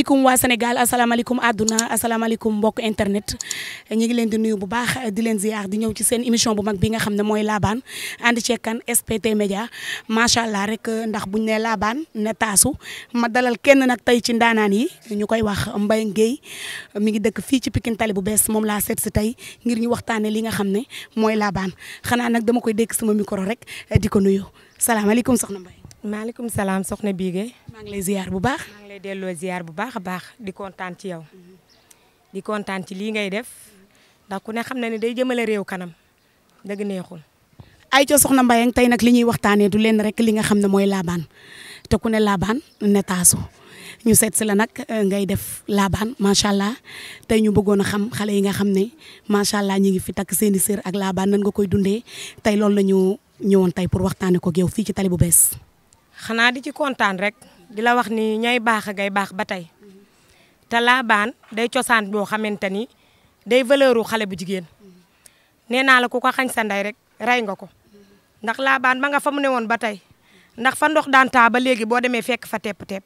asalaamaaleykum waa Sénégal asalaamaaleykum àdduna asalaamaaleykum mbokk internet ñu ngi leen di nuyu bu baax di leen ziar di ñëw ci seen émission bu mag bi nga xam ne mooy laabaan ànd ceeg SPT Média macha allah rek ndax buñ ne laabaan ne taasu ma dalal kenn nag tey ci ndaanaan yi ñu koy wax Mbaye Guèye mi ngi dëkk fii ci Pikine Tali bu bees moom laa seet si tey ngir ñu waxtaanee li nga xam ne mooy laabaan xanaa nag dama koy dékk sama micro rek di ko nuyu salaamaaleykum na Mbaye maaleykum salaam soxna Bigué. maa ngi lay ziar bu baax. maa ngi lay delloo ziar bu baax a baax di kontaan ci yow. Mhm. di kontaan ci lii ngay def ndax ku ne xam ne ni day jëmale réew kanam dëgg neexul. ay ca soxna Mbayang tey nag li ñuy waxtaanee du leen rek li nga xam ne mooy laabaan te ku ne laabaan ne taasu ñu seet si la nag euh, ngay def laabaan macha allah tey ñu bëggoon a xam xale yi nga xam ne macha allah ñu ngi fi takk seen i sër ak laabaan nan nga koy dundee tey loolu la ñu ñëwoon tey pour waxtaanee ko ak fii ci tali bu bees. xanaa di ci kontaan rek di la wax ni ñay baax a ngay baax ba tey te laabaan day cosaan boo xamante ni day valeuru xale bu jigéen nee naa la ku ko xañ sa ndey rek rey nga ko ndax laabaan ba nga fa mu ne woon ba tey ndax fa ndox daan taa ba léegi boo demee fekk fa tepp-tepp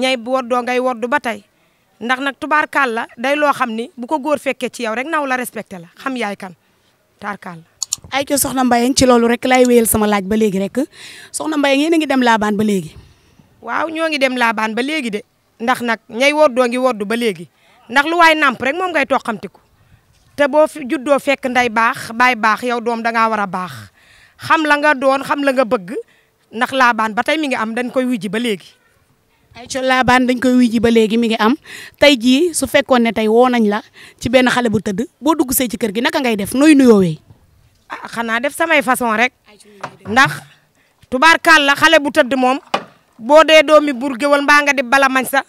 ñay woddoo ngay woddu ba tey ndax na tubaarkaal la day loo xam ni bu ko góor fekkee ci yow rek naw la respecté la xam yaay kan tubaarkaal la ay ca soxna Mbayang ci loolu rek lay wéyal sama laaj ba léegi rek soxna Mbayang yéen a ngi dem laabaan ba léegi waaw ñoo ngi dem laabaan ba léegi de ndax nag ñay woddoo ngi woddu ba léegi ndax lu waay nàmp rek moom ngay toqamtiku te boo fi juddoo fekk nday baax baay baax yow doom dangaa war a baax xam la nga doon xam la nga bëgg ndax laabaan ba tey mi ngi am dañ koy wujji ba léegi ay co laabaan dañ koy wujji ba léegi mi ngi am tey jii su fekkoon ne tey woo nañ la ci benn xale bu tëdd boo dugg see ci kër gi naka ngay def nooy nuyoowee ah xanaa def samay façon rek ndax tubaarkaal la xale bu tëdd moom boo dee doomi bur géwal mbaa nga di bala mañ sa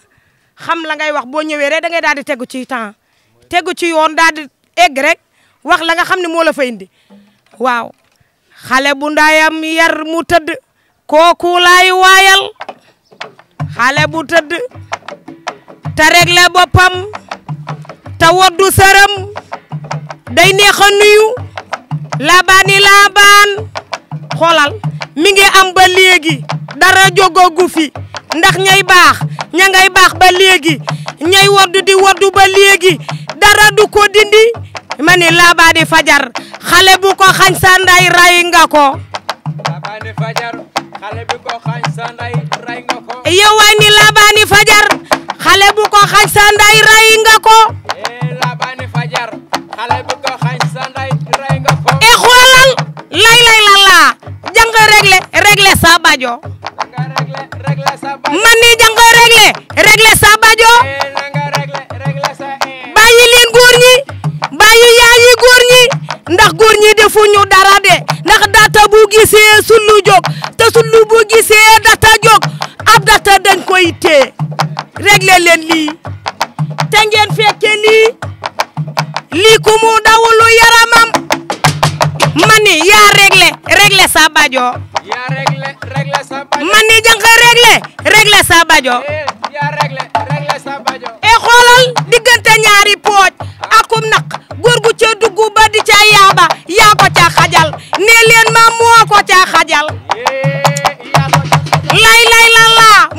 xam la ngay wax boo ñëwee rek da ngay daal di tegu ci temps tegu ci yoon daal di egg rek wax la nga xam ne moo la fa indi waaw xale bu ndayam yar mu tëdd kooku laay waayal xale bu tëdd te réglé boppam te woddu sëram day neex a nuyu labani laban xoolal mi ngi am ba léegi dara jógogu fi ndax ñay baax ña ngay baax ba léegi ñay woddu di woddu ba léegi dara du dindi ma ni labaani fajar xale bu ko xañ sa nday ray nga ko labaani fajar xale bu ko xañ fajar xale bu ko xañ sa nday ray nga ko eh, i eh, xoolal lay lay la laa jàng réglé réglé sa bajo man ni jàng réglé réglé sa bajo eh, eh. bàyyi leen dara de ndax data bu gisee sulu jóg te sulu bu gisee data jóg ab data dañ koy tee réglé leen lii fekke lii lii ku mu dawulu yaramam mani yaa réglé réglé sa mani jàng réglé réglé sa bajo diggante ñaari pooj akum naq góor gu ca ca yaaba yaa ko ca xajal leen ma moo ko ca xajal eh, lay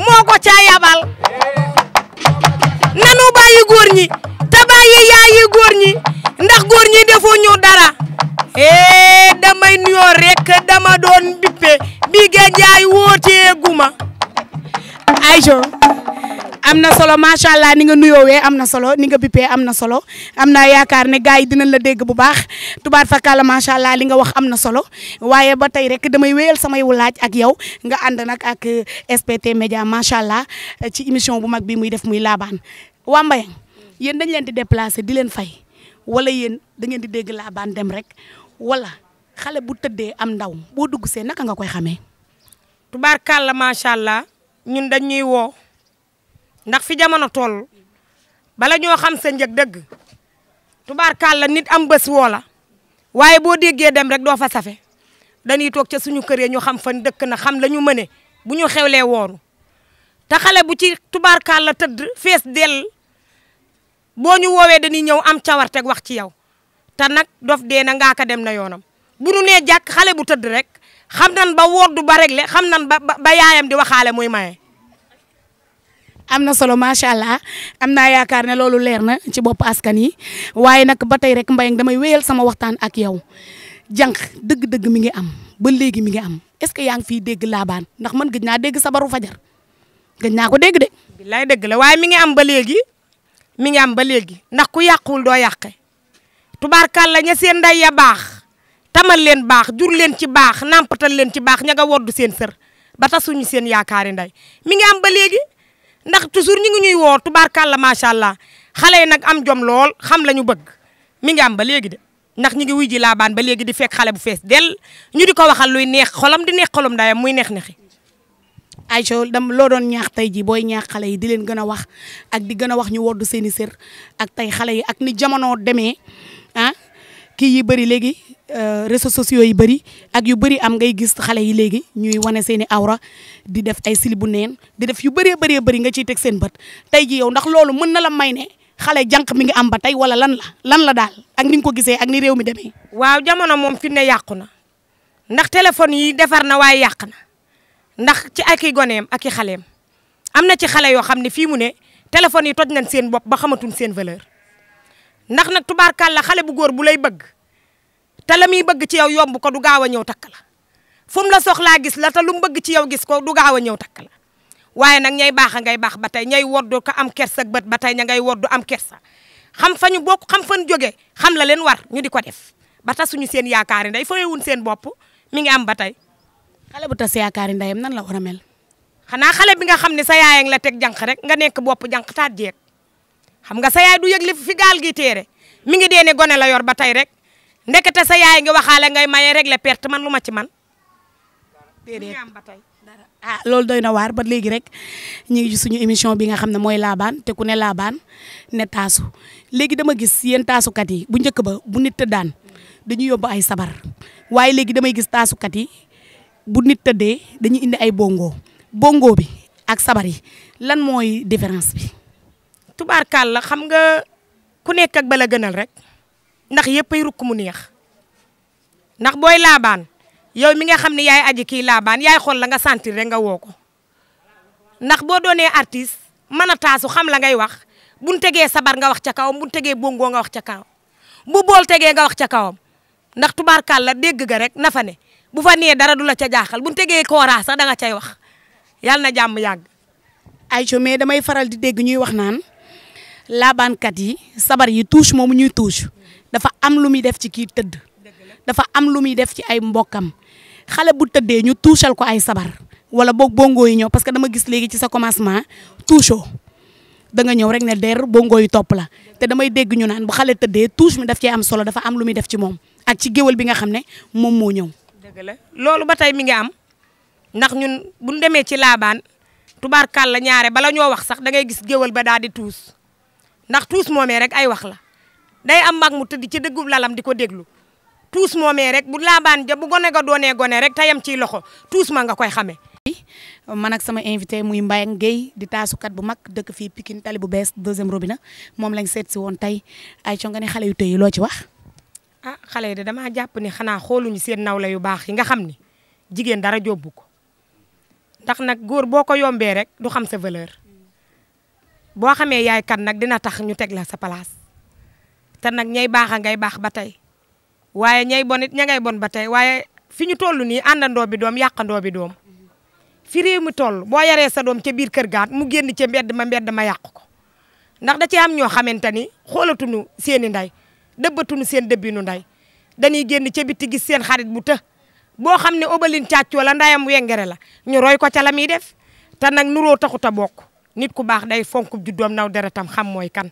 moo ko yabal eh, nanu bàyyi góor ñi te bàyyi yaayi góor tax góor ñi defuñu dara eh damay nuyoo rek dama doon bippe bi ga jaay wooteeguma ayjo am na solo macha allah ni nga nuyoowee am na solo ni nga bippee am na solo am na yaakaar ne gars yi dinañ la dégg bu baax tubaar fakkaala macha allah li nga wax am na solo waaye ba tey rek damay wéyal samay laaj ak yow nga ànd nag ak eh, SBT Média macha allah ci émission bu mag bi muy def muy laabaan waa Mbayang yéen dañ leen di déplacé di leen fay. wala yéen da ngeen di dégg laa baan dem rek wala xale bu tëddee am ndaw boo dugg see naka nga koy xamee. tubaarkàlla macha allah ñun dañ ñuy woo ndax fi jamono toll bala ñoo xam sa njëg dëgg tubaarkàlla nit am bés woo la waaye boo déggee dem rek doo fa safe dañuy toog ca suñu kër yi ñu xam fan dëkk na xam la ñu mëne bu ñu xewlee wooru te xale bu ci tubaarkàlla tëdd fees dell. boo ñu woowee dañuy ñëw am cawarteg wax ci yow te nag dof dee na ngaa ko dem na yoonam bu nu nee jàkk xale bu tëdd rek xam nan ba woddu ba réglé xam nan ba ba yaayam di waxaale muy maye. am na solo macha allah am naa yaakaar ne loolu leer na ci bopp askan yi waaye nag ba tey rek Mbayang damay wéyal sama waxtaan ak yow jànq dëgg-dëgg mi ngi am ba léegi mi ngi am est-ce que yaa ngi fiy dégg laabaan ndax man gëj naa dégg sabaru fajar gëj naa ko dégg de. billaay am ba léegi. mi ngi am ba léegi ndax ku yàquwul doo yàqe tubaarkàlla ña seen nday ya baax tamal leen baax jur leen ci baax nampatal leen ci baax ña nga woddu seen sër ba tasuñu seen yaakaari nday mi ngi am ba léegi ndax toujours ñi ngi ñuy woo tubaarkàlla macha allah xale yi nag am jom lool xam la ñu bëgg mi ngi am ba léegi de ndax ñi ngi wuy ji laabaan ba léegi di fekk xale bu fees del ñu di ko waxal luy neex xolam di neex xolam ndayam muy neex-neexi Aïcha dam loo doon ñaax tey ji booy ñaax xale yi dileen gën a wax ak di gën a wax ñu woddu seeni i ak tey xale yi ak ni jamono demee ah kii yi bëri léegi euh, réseaux sociaux yi bëri ak yu bëri am ngay gis xale yi léegi ñuy wane seen i awra di def ay silibu neen di def yu bëree bëree bëri nga ciy teg seen bët tey ji yow ndax loolu mën na la may ne xale jànq mi ngi am ba tey wala lan la lan la daal ak ni nga ko gisee ak ni réew mi demee. waaw jamono moom fi ne yàqu na ndax téléphone yi defar na waaye yàq na. ndax ci ak goneem ak i xaleem am na ci xale yoo xam ne fii mu ne téléphone yi toj nañ seen bopp ba xamatuñ seen valeur ndax nag tubaarkàlla xale bu góor bu lay bëgg te la muy bëgg ci yow yomb ko du gaaw a ñëw takk la fu mu la soxlaa gis la te bëgg ci yow gis ko du gaaw a ñëw takk waaye nag ñay baax ngay baax ba tey ñay woddu ko am kersa ak bët ba tey ña ngay woddu am kersa xam fa ñu bokk xam fan jógee xam la leen war ñu di ko def ba ta suñu seen yaakaar yi nday fayewuñ seen bopp mi ngi am ba tey xale bu tas yaakaari ndeyam nan la war a mel. xanaa xale bi nga xam ne sa yaay la teg jànq rek nga nekk bopp jànq taat jeeg xam nga sa yaay du yëg li fi gaal gi téere mi ngi dee gone la yor ba tey rek ndekete sa yaay nga waxaale ngay maye rek la perte man lu ma ci man. déedéet am ah, loolu doy na waar ba léegi rek ñu ngi suñu émission bi nga xam ne mooy laabaan te ku ne laabaan ne taasu léegi dama gis yéen taasukat yi bu njëkk ba bu nit daan dañuy yóbbu ay sabar waaye léegi damay gis taasukat yi. bu nit tëddee dañuy indi ay bongo bongo bi ak sabar lan mooy différence bi. tubaarkaal la xam nga ku nekk ak bala gënal rek ndax yëpp ay rukk mu neex ndax booy laabaan yow mi nga xam ne yaay aji kii laabaan yaay xool la nga sentir rek nga woo ko ndax boo doonee artiste mën a taasu xam la ngay wax buñ tegee sabar nga wax ca kawam buñ tegee bongo nga wax ca kawam bu bool tegee nga wax ca kawam ndax tubaarkaal la dégg rek na fa ne. bu fa nee dara du la ca jaaxal bu ñu tegee kooraa sax da nga cay wax yàlla na jàmm yàgg. Aïcha mais damay faral di dégg ñuy wax naan laabaankat yi sabar yi touche moom ñuy touche dafa am lu muy def ci kii tëdd dafa am lu muy def ci ay mbokkam xale bu tëddee ñu tuusal ko ay sabar wala boog bongo yi ñëw parce que dama gis léegi ci sa commencement touchoo da nga ñëw rek ne der bongo yi topp la te damay dégg ñu naan bu xale tëddee touche mi daf cee am solo dafa am lu muy def ci moom ak ci géwal bi nga xam ne moom moo ñëw. dëgg la loolu ba tey mi ngi am ndax ñun bu ñu ci laabaan tubaar tubaarkàlla ñaare bala ñoo wax sax da ngay gis géwal ba daal di tuus ndax tuus moomee rek ay wax la day am mag mu tëdd ci dëggub lalam di ko déglu tuus moomee rek bu laabaan ja bu gone ga doonee gone rek tayam ci loxo tuus ma nga koy xamee. man ak sama invité muy Mbaye Guèye di taasukat bu mag dëkk fii Pikine tali bu bees deuxième robinet moom lañ seet si woon tey ay co xale yu tey loo ci wax. ah xale yi de damaa jàpp ni xanaa xooluñu seen nawle yu baax yi nga xam ni jigéen dara jobbu ko ndax nag góor boo ko yombee rek du xam sa valeur boo xamee yaay kan nag dina tax ñu teg la sa place te nag ñay baax a ngay baax ba tey waaye ñay bon it ña ngay bon ba tey waaye fi ñu toll nii àndandoo bi doom yàqandoo bi doom fi réew mi boo yaree sa doom ca biir kër gaat mu génn ca mbedd ma mbedd ma yàq ko ndax da ci am ñoo xamante ni xoolatuñu seeni ndey dëbbatuñu seen dëbbinu nday dañuy génn ca biti gis seen xarit bu të boo xam ne obalin càcc wala ndayam wengere la ñu roy ko ca la muy def te nag nuroo taxut a bokk nit ku baax day fonk juddoom naw deretam xam mooy kan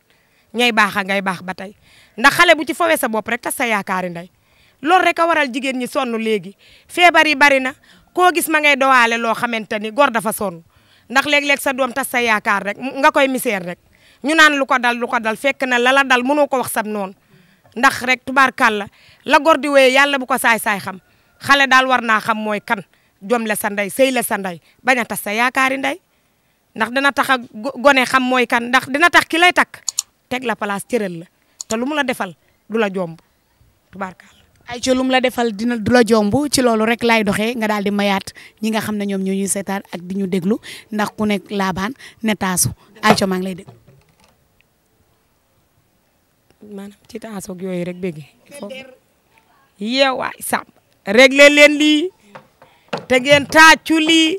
ñay baax a ngay baax ba tey ndax xale bu ci fawee sa bopp rek tas sa yaakaari ndey loolu rek a waral jigéen ñi sonn léegi feebar yi bari na koo gis ma ngay dowaale loo xamante ni gor dafa sonn ndax léeg-léeg sa doom tas sa yaakaar rek nga koy misère rek ñu naan lu ko dal lu ko dal fekk na lala dal mënoo ko wax sab noonu ndax rek tubaarkàlla la gor di wooyee yàlla bu ko saay-saay xam xale daal war naa xam mooy kan jom la sa ndey sëy la sa ndey bañ a tas sa yaakaari ndey ndax dina tax a gone xam mooy kan ndax dina tax ki lay takk teg la palace cerel la te lu mu la defal du la jomb tubaarkàlla ay ci lum la defal dina du la jomb ci loolu rek laay doxee nga daal di mayaat ñi nga xam ne ñoom ñoo ñuy seetaan ak di ñu déglu ndax ku nekk laabaan ne taasu ay co lay déglu maanaam ci taasoog yooyu rek bëgg foofu yeewaay sàmm réglé lii te ngeen tàccu lii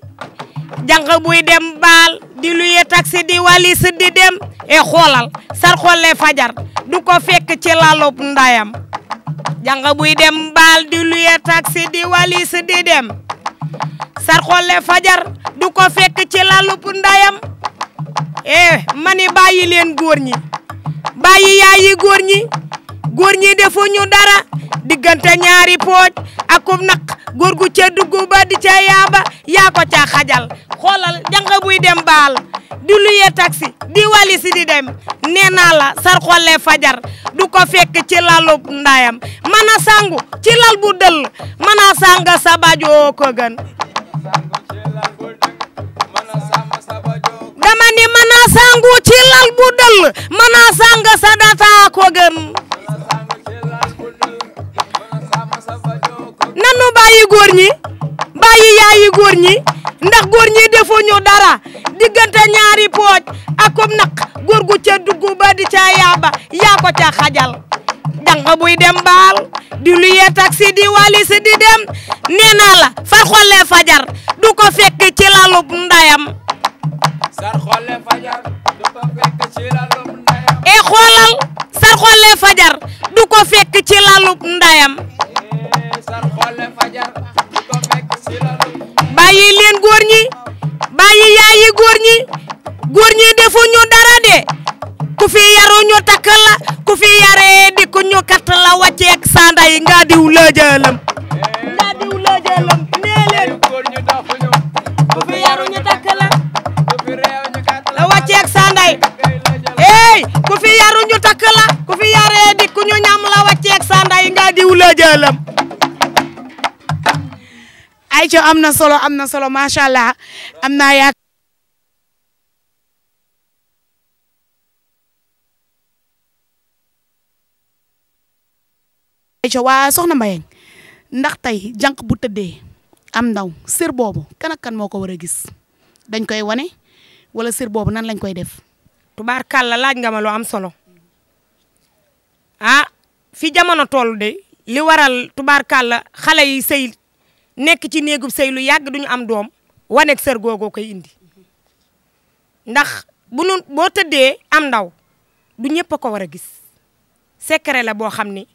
jànq buy dem baal di luye taxi di walis di dem e xoolal sar xoolee fajar du ko fekk ci ndayam jànq buy dem baal di luye taxi di walis di dem ko fekk ci ndayam e mani góor ñi bàyyi yaay yi góor ñi góor ñi defuñu dara diggante ñaari pooj akub naq góor gu ca dugg ba di ca yaa ko ca xajal xoolal jànq buy dem baal di luyee taxi di wali si di dem nee sar xolle fajar du ko fekk ci lalu ndayam mën a sangu ci bu dëll mën a sàng sa gën sangu ci lal bu dël mën a sang sa data gën nanu bàyyi góor ñi bàyyi yaayi góor ñi ndax góor ñi defu ñu dara diggante ñaari pooj ak kom naq gu ca dugg ba di ca yaaba yaa ko ca xajal danga buy dem baal di luye taxi di walis di dem nee far xollee fajar du ko fekk ci lalub ndayam sar xolle e xoolal sar xolle fajar du ko fekk ci lalub ndayam eh, sar xolle eh, leen góor ñi bàyyi yaayi góor ñi góor ñi defu ñu dara de ku fi yaru ñu takk ku fi yaree di ku ñu kat la wàcceeg sanday nga diw la jëlam lëlëm ay co am na solo am na solo macha allah am naa yaakaar ayca waa soxna Mbayang ndax tey jànq bu tëddee am ndaw sër boobu kan ak kan moo ko war a gis dañ koy wane wala sër boobu nan lañ koy def. tubaar kàlla laaj nga ma am solo ah fi jamono toll de li waral tubaarkàlla xale yi sëy nekk ci néegub sëy lu yàgg duñu am doom waneeg sër googoo koy indi ndax bu nu boo tëddee am ndaw du ñëpp ko war a gis secret la boo xam ni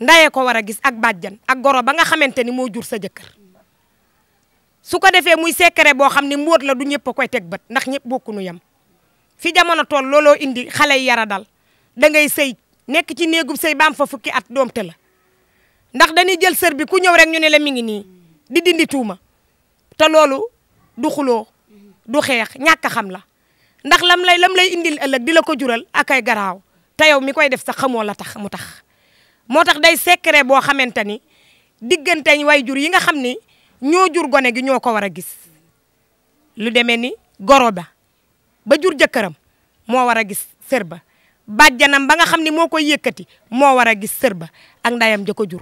ndaye ko war a gis ak bàjjan ak goro ba nga xamante ni moo jur sa jëkkër su ko defee muy secret boo xam ni mbóot la du ñëpp koy teg bët ndax ñëpp bokkunu yam fi jamono tool looloo indi xale yi yara dal da ngay sëy nekk ci néegub sëy baam fa fukki at doom te la ndax dañuy jël sër ku ñëw rek ñu ne la mi ngi nii di dindi tuuma te loolu du xuloo du xeex ñàkk xam la ndax lam lay lam lay indil ëllëg di la ko jural ak ay garaaw te yow mi koy def sa xamoo la tax mu tax moo tax day secret boo xamante ni diggante way jur yi nga xam ni ñoo jur gone gi ñoo ko war a gis lu demee ni goro ba ba jur jëkkëram moo war a gis sër ba bàjjanam ba nga xam ni moo koy yëkkati moo war a gis sër ba ak ndayam ja jur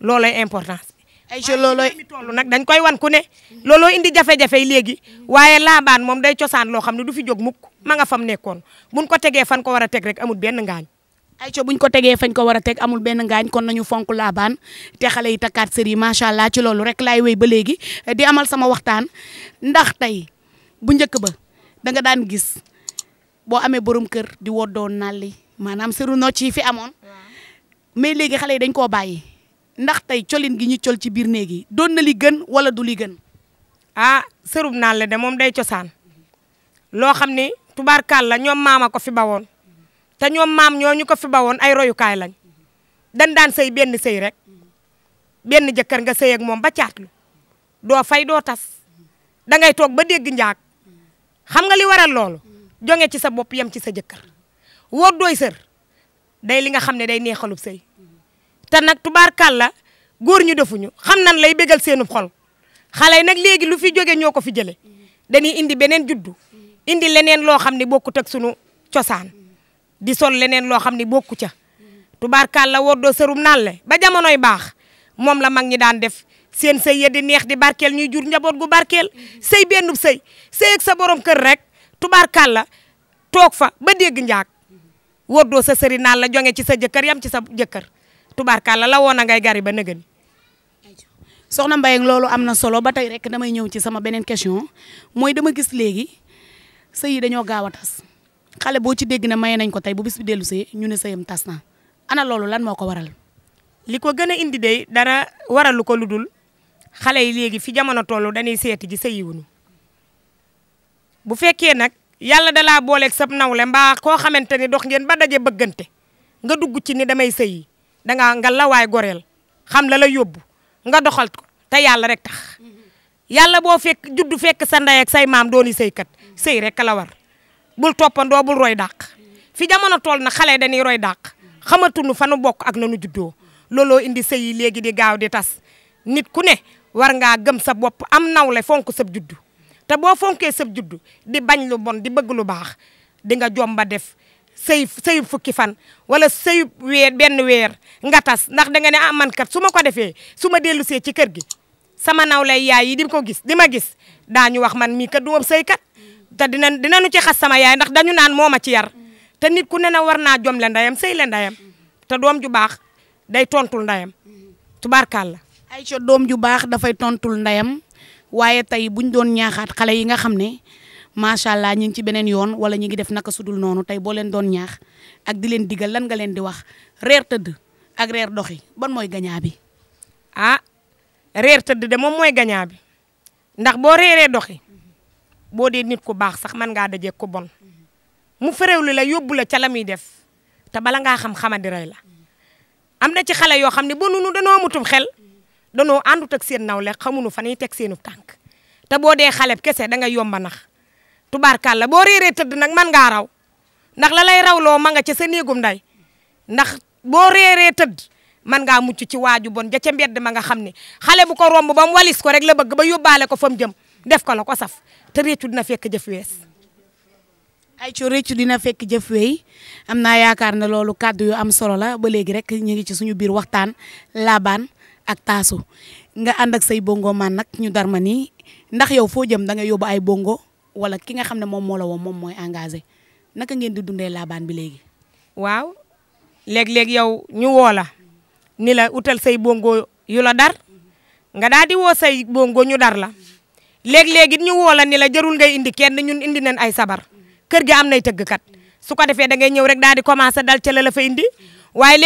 loolooy importance ay je loolooy toll nag dañ koy wan ku ne looloo indi jafe-jafe yi léegi waaye laabaan moom day cosaan loo xam ne du fi jóg mukk ma nga fam nekkoon buñ ko tegee fan ko war a teg rek amul benn ngaañ ay co buñ ko tegee fañ ko war a teg amul benn ngaañ kon nañu fonk laabaan te xale yi takkaat sër yi macha allah ci loolu rek laay wéy ba léegi di amal sama waxtaan ndax tey bu njëkk ba da daan gis boo amee borom kër di woddoo nalli maanaam sëru nocc yi fi amoon mais léegi xale yi dañ koo bàyyi ndax tey colin gi ñu col ci biir néeg yi doon na li gën wala du li gën ah sërub nalli de moom day cosaan loo xam ni tubaarkaal la ñoom maam ko fi bawoon te ñoom maam ñooñu ko fi bawoon ay royukaay lañ dañ daan sëy benn sëy rek benn jëkkër nga sëy ak moom ba caatlu doo fay doo tas da ngay toog ba dégg njaag xam nga li waral loolu jonge ci sa bopp yam ci sa jëkkër wóor dooy sër day li nga xam ne day neexalub sëy te nag tubaarkàlla góor ñu defuñu xam nan lay bégal seenub xol xale yi nag léegi lu fi jóge ñoo ko fi jële dañuy indi beneen juddu indi leneen loo xam ne bokkut ak sunu cosaan di sol leneen loo xam ne bokku ca tubaarkàlla la doo sërum naan le ba jamonoy baax moom la mag ñi daan def seen sëy ya di neex di barkel ñuy jur njaboot gu barkeel sëy bennub sëy sëy ak sa borom kër rek tubaar tubaarkàlla toog fa ba dégg njaag wóordoo sa seri naan la jonge ci sa jëkkër yam ci sa jëkkër tubaarkàlla la woon a ngay gari ba nëgëni soxna Mbaye loolu am na solo ba tey rek damay ñëw ci sama beneen question mooy dama gis léegi sëy yi dañoo gaaw a tas xale boo ci dégg na maye nañ ko tey bu bi dellu see ñu ne sëyam tas na ana loolu lan moo ko waral. li ko gën a indi de dara waralu ko lu dul xale yi léegi fi jamono toll dañuy seeti ji sëyiwuñu bu fekkee nag yàlla dalaa booleeg sab nawle mbaa koo xamante ni dox ngeen ba daje bëggante nga dugg ci ni damay sëyi dangaa nga lawaay goreel xam la la yóbbu nga doxal ko te yàlla rek tax yàlla boo fekk juddu fekk sa ndey ak say maam dooni sëykat sëy rek la war bul toppandoo bul roy dàq fi jamono tool na xale dañuy roy dàq xamatuñu fa nu bokk ak nanu juddoo looloo indi sëy yi léegi di gaaw di tas nit ku ne war ngaa gëm sa bopp am nawle fonk sa juddu te boo fonkee sab juddu di bañ lu bon di bëgg lu baax di nga jomba def sëy sëyub fukki fan wala sëyub weer benn weer nga tas ndax da nga ne ah man kat su ma ko defee su ma dellu see ci kër gi sama naw lay yaay yi di ko gis di ma gis ñu wax man mii ka du am sëykat te dinañ dinañu ci xas sama yaay ndax dañu naan moo ma ci yar te nit ku ne na war naa jom le ndayam sëy le ndayam te doom ju baax day tontul ndayam tubaarkàlla. Aïcha doom ju baax dafay tontul ndayam waaye tey buñ doon ñaaxaat xale yi nga xam ne macha allah ñu ngi ci beneen yoon wala ñu ngi def naka sudul noonu tey boo leen doon ñaax ak di leen digal lan nga leen di wax reer tëdd ak reer doxi ban mooy gañaa bi. ah reer tëdd de moom mooy gañaa bi ndax boo reeree doxi boo dee nit ku baax sax mën ngaa dajee ku bon mu ferewlu la yóbbu la ca la muy def te bala ngaa xam xama rey la am na ci xale yoo xam ne ba nunu danoo mutum xel. danoo àndut ak seen nawle xamuñu fa ñuy teg seenu tànk te boo dee xaleb kese da nga yomba nax tubaarkàlla boo réeree tëdd nag man raw ndax la lay rawloo ma nga ca sa néegum nday ndax boo réeree tëdd man ngaa mucc ci waaju bon ja ca mbedd ma nga xam ne xale bu ko romb ba mu walis ko rek la bëgg ba yóbbaale ko fa mu jëm def ko la ko saf te réccu dina fekk jëf wees ay co réccu dina fekk jëf weey am naa yaakaar ne loolu kàddu yu am solo la ba léegi rek ñu ngi ci suñu biir waxtaan laabaan ak taasu nga ànd ak say bongo man nag ñu dar ma nii ndax yow foo jëm da nga yóbbu ay bongo wala ki nga xam ne moom moo la woo moom mooy engagé naka ngeen di dundee laabaan bi léegi. waaw léeg-léeg yow ñu woo la ni la utal say bongo yu dar nga daal di woo say bongo ñu dar la léeg-léeg it ñu woo la ni la jarul ngay indi kenn ñun indi nañ ay sabar kër gi am nay tëggkat su ko defee da ngay ñëw rek daal di commencé dal ca la la fa indi waaye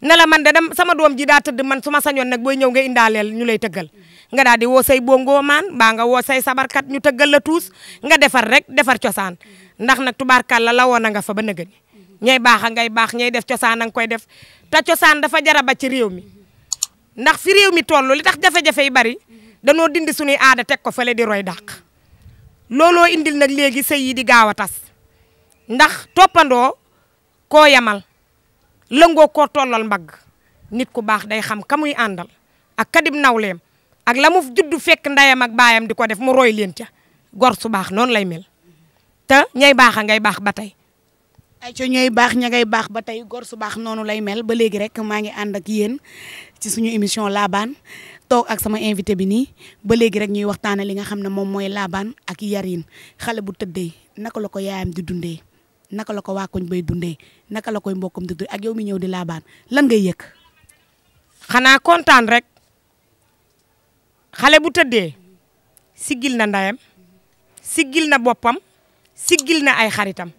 ne la man de dem sama doom ji daa tëdd man su ma sañoon nag booy ñëw nga indaaleel ñu lay tëggal nga daal di woo say bongo maan mbaa nga woo say sabarkat ñu tëggal la tuus nga defar rek defar cosaan ndax nag tubaarkàlla la woon a nga fa ba nëgëni ñay baax a ngay baax ñay def cosaan a nga koy def te cosaan dafa jara ba ci réew mi ndax fi réew mi toll li tax jafe-jafe yi bari danoo dindi suñuy aada teg ko fële di roy dàq looloo indil nag léegi sëy yi di gaaw a tas ndax toppandoo koo yamal lëngoo ko tollal mbag nit ku baax day xam ka muy àndal ak kadim nawleem ak la mu juddu fekk ndeyam ak baayam di ko def mu roy leen ca gor su baax noonu lay mel te ñay baax a ngay baax ba tey. ay baax ña ngay baax ba tey gor su baax noonu lay mel ba léegi rek maa ngi ànd ak yéen ci suñu émission laabaan toog ak sama invité bi nii ba léegi rek ñuy waxtaane li nga xam ne moom mooy laabaan ak yarin xale bu tëddee naka la ko yaayam di dundee. naka la ko waa koñ bay dundee naka la koy mbokkam di dundee ak yow mi ñëw di laabaan lan ngay yëg. xanaa kontaan rek xale bu tëddee siggil na ndayam siggil na boppam siggil na ay xaritam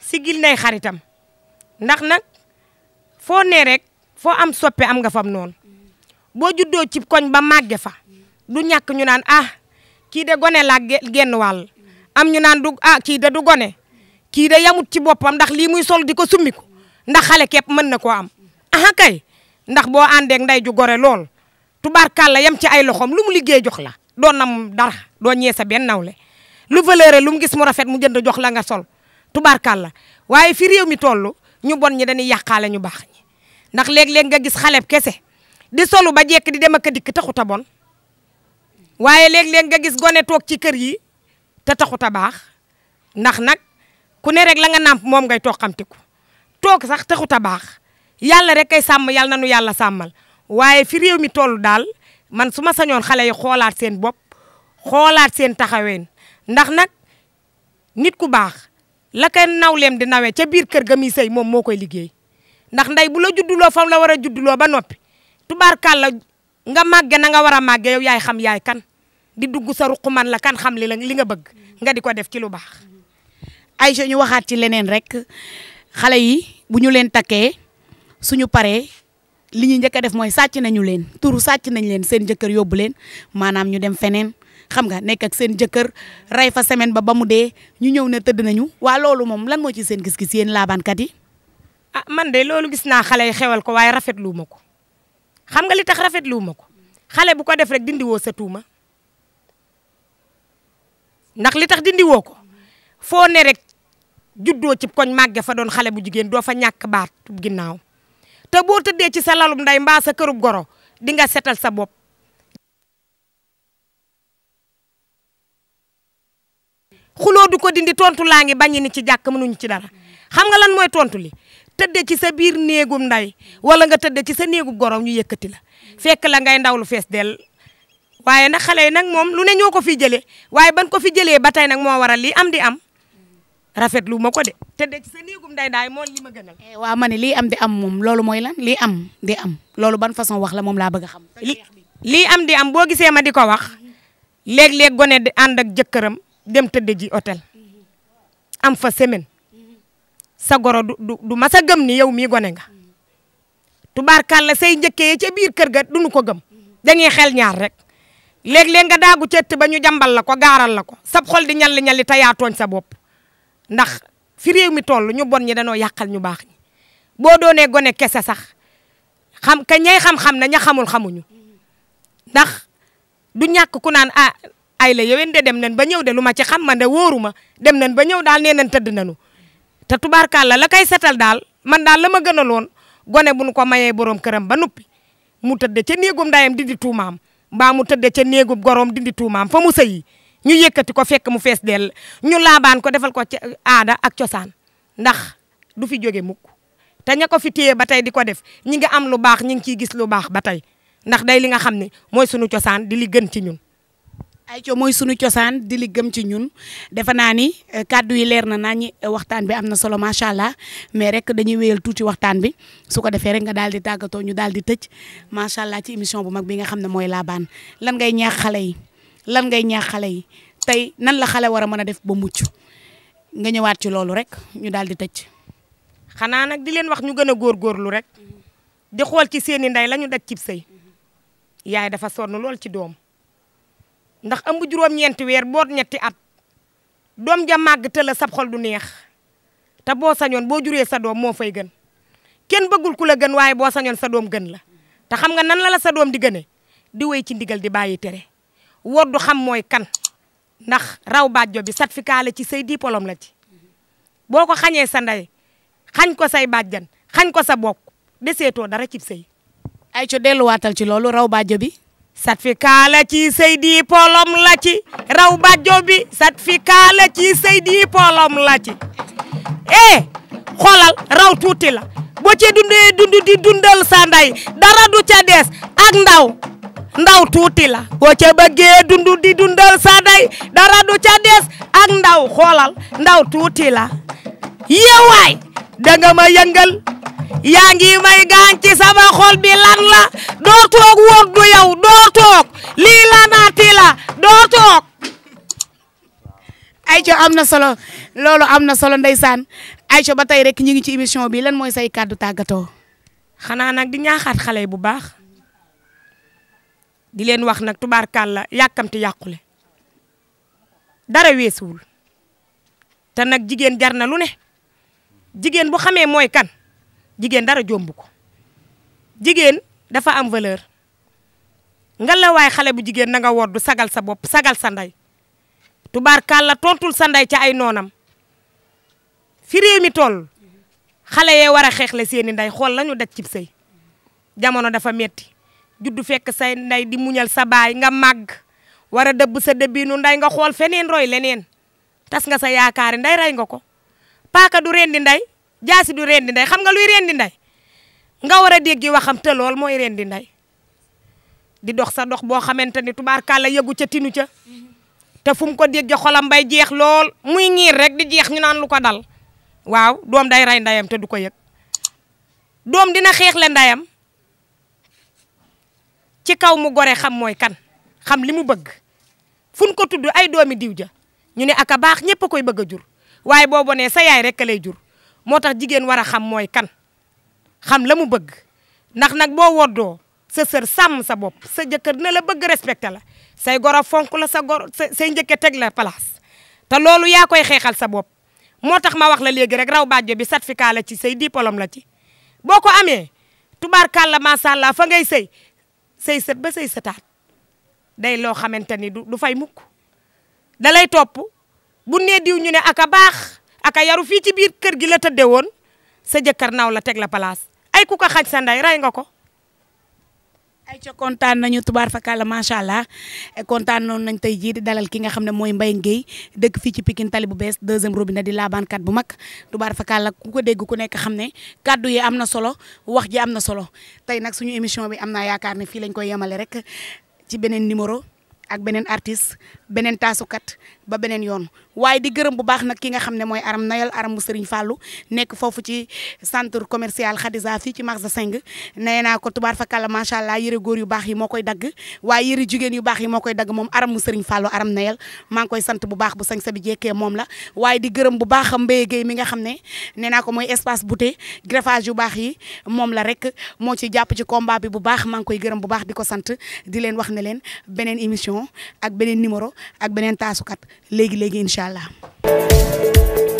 siggil nay xaritam ndax nag foo nee foo am soppe am nga fam noonu boo juddoo ci koñ ba màgge fa du ñàkk ñu naan ah kii de gone laa genn wàll am ñu naan du ah kii da du gone kii da yamut ci boppam ndax lii muy sol di ko summiku ndax xale képp mën na koo am aha kay ndax boo àndeek nday ju gore lool tubaarkàlla yem ci ay loxoom lu mu liggéey jox la doo nam dara doo ñee sa benn nawle lu valeur lu mu gis mu rafet mu jënd jox la nga sol tubaarkàlla waaye fi réew mi toll ñu bon ñi dañuy yàqaale ñu baax ñi ndax léeg-léeg nga gis xaleb kese di solu ba jekk di dem ak a dikk taxut a bon waaye léeg-léeg nga gis gone toog ci kër yi te taxut a baax ndax nag ku ne rek la nga nàmp moom ngay toog ko toog sax taxut a baax yàlla rek kay sàmm yàlla na nu yàlla sàmmal waaye fi réew mi toll daal man su ma sañoon xale yi xoolaat seen bopp xoolaat seen taxaween ndax nag nit ku baax la kay nawleem di nawee ca biir kër ga muy sëy moom moo koy liggéey ndax ndey bu la judduloo fam la war a judduloo ba noppi tubaarkàlla nga màgge na nga war a màgge yow yaay xam yaay kan di dugg sa ruq man la kan xam li la li nga bëgg nga di ko def ci lu baax. ay Aïcha ñu waxaat ci leneen rek xale yi bu ñu leen takkee suñu paree li ñuy njëkk a def mooy sàcc nañu leen turu sàcc nañ leen seen jëkkër yóbbu leen maanaam ñu dem feneen. xam nga nekk ak seen jëkkër rey fa semaine ba ba mu dee ñu ñëw ne tëdd nañu waa loolu moom lan moo ci seen gis-gis yéen laabaankat yi. ah man de loolu gis naa xale yi xewal ko waaye rafetlu ma ko xam nga li tax ko xale bu def rek dindi woo ndax li tax dindi woo ko foo ne rek juddoo ci koñ màgge fa doon xale bu jigéen doo fa ñàkk baat ginnaaw te boo tëddee ci sa lalum nday mbaa sa kërub goro di nga setal sa bopp. xuloo du ko dindi tontu laa ngi bañ ni ci jàkk mënuñu ci dara xam nga lan mooy tontu li tëdde ci sa biir néegum nday wala nga tëdde ci sa néegum gorow ñu yëkkati la fekk la ngay ndaw lu fees del waaye nag xale yi nag moom lu ne ñoo ko fi jëlee waaye ban ko fi jëlee ba tey nag moo waral lii am di am rafetlu ma ko te de sa néegum nday daay moom li ma gënal. Eh, waaw ma ne lii am di am moom loolu mooy lan lii am di am loolu ban façon wax la moom laa bëgg a xam. lii am di am boo gisee ma di ko wax léeg-léeg gone di ànd ak jëkkëram dem tëdd ji hôtel am fa semaine sa goro du du mas a gëm ni yow mii gone nga tubaarkàlla say njëkkee ca biir kër ga duñu ko gëm dañuy xel ñaar rek. léeg-léeg nga daagu cett ba ñu jàmbal la ko gaaral la ko sab xol di ñalli ñalli te yaa sa bopp ndax fi réew mi toll ñu bon ñi danoo yàqal ñu baax ñi boo doonee gone kese sax xam ka ñay xam-xam na ña xamul xamuñu ndax du ñàkk ku naan ah ay la yowén de dem nañ ba ñëw de lu ma ci xam ma de wóoru ma dem nañ ba ñëw daal nee nañ tëdd nañu te tubaarkàlla la la kay setal daal man daal la ma gënaloon gone bu nu ko mayee borom këram ba nuppi mu tëdd ca néegum ndayam di di tuumaam mbaa mu tëdde ca néegub goroom dindi tuumaam fa mu sëyi ñu yëkkati ko fekk mu fees dell ñu laabaan ko defal ko ca aada ak cosaan ndax du fi jóge muk te ña ko fi téye ba tey di ko def ñi ngi am lu baax ñi ngi ciy gis lu baax ba tey ndax day li nga xam ne mooy sunu cosaan di li gën ci ñun ayco mooy sunu cosaan di li gëm ci ñun defe naa ni eh, kàddu yi leer na naa ñi eh, waxtaan bi am na solo macha allah mais rek dañuy wéyal tuuti waxtaan bi su ko defee rek nga daal di tàggatoo ñu daal di tëj macha allah ci émission bu mag bi nga xam ne mooy laa laabaan lan ngay ñaax xale yi lan ngay ñaax xale yi tey nan la xale war a mën a def ba mucc nga ñëwaat ci loolu rek ñu daal di tëj. xanaa nag di leen wax ñu gën a góorgóorlu rek mm-hmm. di xool ci seeni ndey la ñu daj cib sëy yaay dafa sonn lool ci doom. ndax ëmb juróom-ñeenti weer boot ñetti at doom ja màgg te la sab xol du neex te boo sañoon boo juree sa doom moo fay gën kenn bëggul ku la gën waaye boo sañoon sa doom gën la te xam nga nan la la sa doom di gëne di wéy ci ndigal di bàyyi tere wor du xam mooy kan ndax raw bàjjo bi certificat la ci say diplôme la ci boo ko xañee sa ndey xañ ko say bàjjan xañ ko sa bokk deseetoo dara ci sëy ay co delluwaatal ci loolu raw bàjjo bi sat fi kaala ci seydi la ci raw ba bi sat fi kaala ci seydi polom la ci eh raw tuuti la boo ci dundee dund di dundal sa dara du des ak ndaw ndaw tuuti la boo ca di dundal sa ndey dara du ca des ak ndaw xoolal ndaw tuuti la yeewaay da yaa ngi may gaañ ci xol bi lan la doo toog woon du yow doo toog lii la naati la doo toog. Aïcha am na solo loolu am na solo ndeysaan Aïcha ba tey rek ñu ngi ci émission bi lan mooy say kàddu tàggatoo. xanaa nag di ñaaxaat xale bu baax di leen wax nag tubaarkàlla yàkkamti yàqule dara weesuwul te nag jigéen jar na lu ne jigéen bu xamee mooy kan. jigéen dara jomb ko jigéen dafa am valeur nga lawaay waay xale bu jigéen na nga wor du sagal sa bopp sagal sa ndey tubaar kàlla tontul sa nday ca ay noonam fi réew mi toll xale yee war a xeexle seeni ndey xool lañu daj cib sëy jamono dafa metti juddu fekk say ndey di muñal sa baay nga màgg war a dëbb sa dëbbiinu ndey nga xool feneen roy leneen tas nga sa yaakaari nday rey nga ko paaka du rendi nday jaasi du rendi nday xam nga luy di nday nga war a dégg waxam te lool mooy di nday di dox sa dox boo xamante ni tubaarkàlla yëgu ca tinu ca te fu mu ko dégg xolam bay jeex lool muy ngiir rek di jeex ñu naan lu ko dal waaw doom day ray ndayam te du ko yëg doom dina xeex le ndayam ci kaw mu gore xam mooy kan xam li mu bëgg fun ko tudd ay doomi diw ja ñu ne aka baax ñëpp a koy bëgg a jur waaye boo bonee sa yaay rek a lay jur moo tax jigeen war a xam mooy kan xam la mu bëgg ndax nag boo woddoo sa sër sàmm sa bopp sa jëkkër dina la bëgg respecté la say goro fonk la sa goro sa say njëkke teg la place te loolu yaa koy xeexal sa bopp moo tax ma wax la léegi rek raw bàjjo bi certificat la ci say diplôme la ci boo ko amee tubaarkàlla macha allah fa ngay sëy sëy sët ba sëy sëtaat day loo xamante ni du fay mukk da lay topp bu nee diw ñu ne aka baax aka yaru fii ci biir kër gi la tëdde woon sa jëkkar naaw la teg la place ay ku ko xaj sa nday ray nga ko ay ca kontaan nañu tubaar fakala macha allah eh, kontaan noon nañ tey jii dalal ki nga xam ne mooy Mbaye Gueye dëkk fii ci Pikine tali bu bees deuxième robine di laabaankat bu mag tubaar fakala ku ko dégg ku nekk xam ne kaddu yi am na solo wax ji am na solo tey nag suñu émission bi am naa yaakaar ne fii lañ koy yemale rek ci beneen numéro ak beneen artiste beneen taasukat ba beneen yoon waaye di gërëm bu baax nag ki nga xam ne mooy aram nayal aram mu Serigne Fallou nekk foofu ci centre commercial Khadija fii ci marché 5 nee naa ko tubaar fakàlla macha allah yëre góor yu baax yi moo koy dagg waaye yëre jigéen yu baax yi moo koy dagg moom aram mu Serigne Fallou nayal maa ngi koy sant bu baax bu sañ sa bi jekkee moom la waaye di gërëm bu baax Mbaye Gueye mi nga xam ne nee naa ko mooy espace beauté greffage yu baax yi moom la rek moo ci jàpp ci combat bi bu baax maa ngi koy gërëm bu baax di ko sant di leen wax ne leen beneen émission ak beneen numéro ak beneen taasukat léegi léegi incha allah.